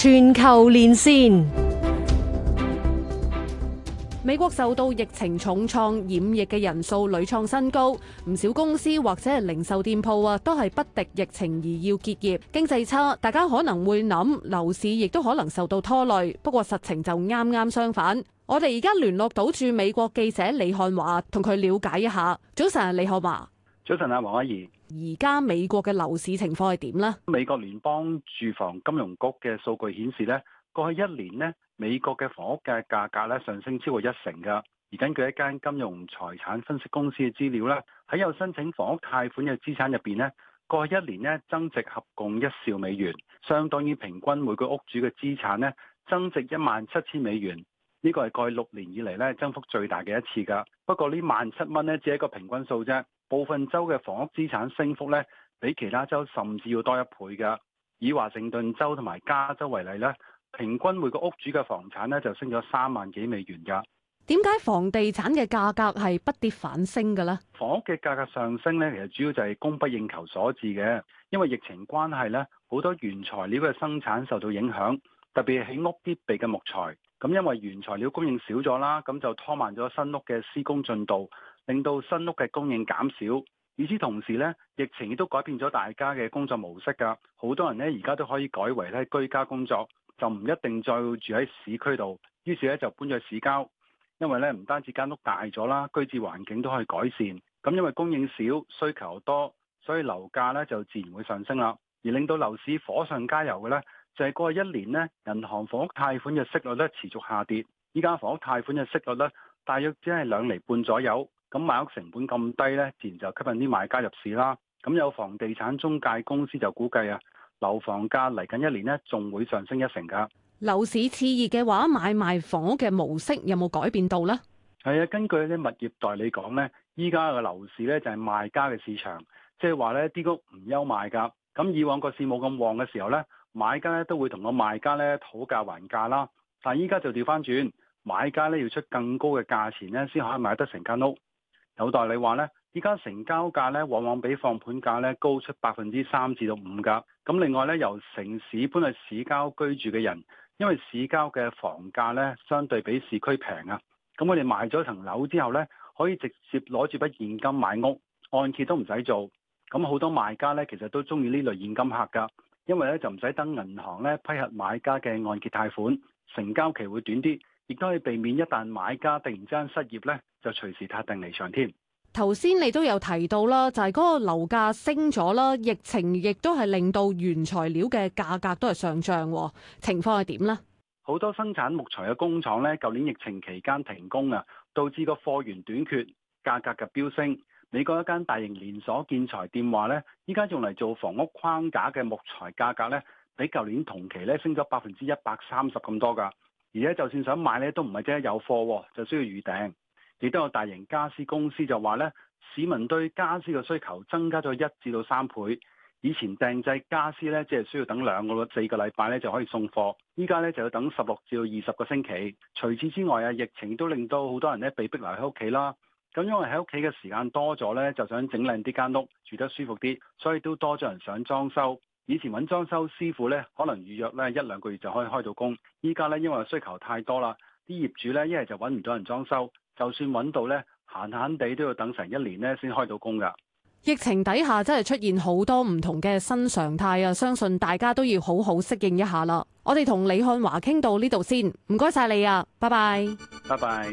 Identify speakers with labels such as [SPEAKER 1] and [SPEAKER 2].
[SPEAKER 1] 全球連線，美國受到疫情重創，染疫嘅人數屢創新高，唔少公司或者係零售店鋪啊，都係不敵疫情而要結業。經濟差，大家可能會諗樓市亦都可能受到拖累。不過實情就啱啱相反。我哋而家聯絡到駐美國記者李漢華，同佢了解一下。早晨，李漢華。
[SPEAKER 2] 早晨啊，黃凱宜，
[SPEAKER 1] 而家美國嘅樓市情況係點呢？
[SPEAKER 2] 美國聯邦住房金融局嘅數據顯示呢，過去一年呢，美國嘅房屋嘅價格咧上升超過一成噶。而根據一間金融財產分析公司嘅資料呢，喺有申請房屋貸款嘅資產入邊呢，過去一年呢，增值合共一兆美元，相當於平均每個屋主嘅資產呢增值一萬七千美元。呢個係過去六年以嚟呢，增幅最大嘅一次噶。不過呢萬七蚊呢，只係一個平均數啫。部分州嘅房屋資產升幅咧，比其他州甚至要多一倍㗎。以華盛頓州同埋加州為例咧，平均每個屋主嘅房產咧就升咗三萬幾美元㗎。
[SPEAKER 1] 點解房地產嘅價格係不跌反升㗎呢？
[SPEAKER 2] 房屋嘅價格上升咧，其實主要就係供不應求所致嘅。因為疫情關係咧，好多原材料嘅生產受到影響，特別係起屋必備嘅木材。咁因為原材料供應少咗啦，咁就拖慢咗新屋嘅施工進度。令到新屋嘅供應減少，與此同時呢疫情亦都改變咗大家嘅工作模式㗎。好多人呢而家都可以改為咧居家工作，就唔一定再住喺市區度。於是咧就搬咗市郊，因為咧唔單止間屋大咗啦，居住環境都可以改善。咁因為供應少，需求多，所以樓價呢就自然會上升啦。而令到樓市火上加油嘅呢，就係過去一年呢，銀行房屋貸款嘅息率咧持續下跌。依家房屋貸款嘅息率呢，大約只係兩厘半左右。咁買屋成本咁低呢，自然就吸引啲買家入市啦。咁有房地產中介公司就估計啊，樓房價嚟緊一年呢，仲會上升一成噶。
[SPEAKER 1] 樓市熾熱嘅話，買賣房屋嘅模式有冇改變到呢？
[SPEAKER 2] 係啊，根據啲物業代理講呢，依家嘅樓市呢，就係賣家嘅市場，即係話呢啲屋唔憂賣㗎。咁以往個市冇咁旺嘅時候呢，買家呢都會同個賣家呢討價還價啦。但係依家就調返轉，買家呢要出更高嘅價錢呢，先可以買得成間屋。有代理話呢，依家成交價呢往往比放盤價呢高出百分之三至到五噶。咁另外呢，由城市搬去市郊居住嘅人，因為市郊嘅房價呢相對比市區平啊。咁我哋賣咗層樓之後呢，可以直接攞住筆現金買屋，按揭都唔使做。咁好多賣家呢其實都中意呢類現金客噶，因為呢就唔使等銀行呢批核買家嘅按揭貸款，成交期會短啲。亦都可以避免，一旦買家突然之間失業咧，就隨時撻定離場添。
[SPEAKER 1] 頭先你都有提到啦，就係嗰個樓價升咗啦，疫情亦都係令到原材料嘅價格都係上漲。情況係點咧？
[SPEAKER 2] 好多生產木材嘅工廠咧，舊年疫情期間停工啊，導致個貨源短缺，價格嘅飆升。美國一間大型連鎖建材店話咧，依家用嚟做房屋框架嘅木材價格咧，比舊年同期咧升咗百分之一百三十咁多㗎。而家就算想買咧，都唔係即刻有貨，就需要預訂。亦都有大型家私公司就話咧，市民對家私嘅需求增加咗一至到三倍。以前訂製家私咧，只係需要等兩個四個禮拜咧就可以送貨，依家咧就要等十六至到二十個星期。除此之外啊，疫情都令到好多人咧被逼留喺屋企啦。咁因為喺屋企嘅時間多咗咧，就想整靚啲間屋，住得舒服啲，所以都多咗人想裝修。以前揾裝修師傅呢，可能預約呢一兩個月就可以開到工。依家呢，因為需求太多啦，啲業主呢一係就揾唔到人裝修，就算揾到呢，閒閒地都要等成一年呢先開到工㗎。
[SPEAKER 1] 疫情底下真係出現好多唔同嘅新常態啊！相信大家都要好好適應一下啦。我哋同李漢華傾到呢度先，唔該晒你啊，拜拜，
[SPEAKER 2] 拜拜。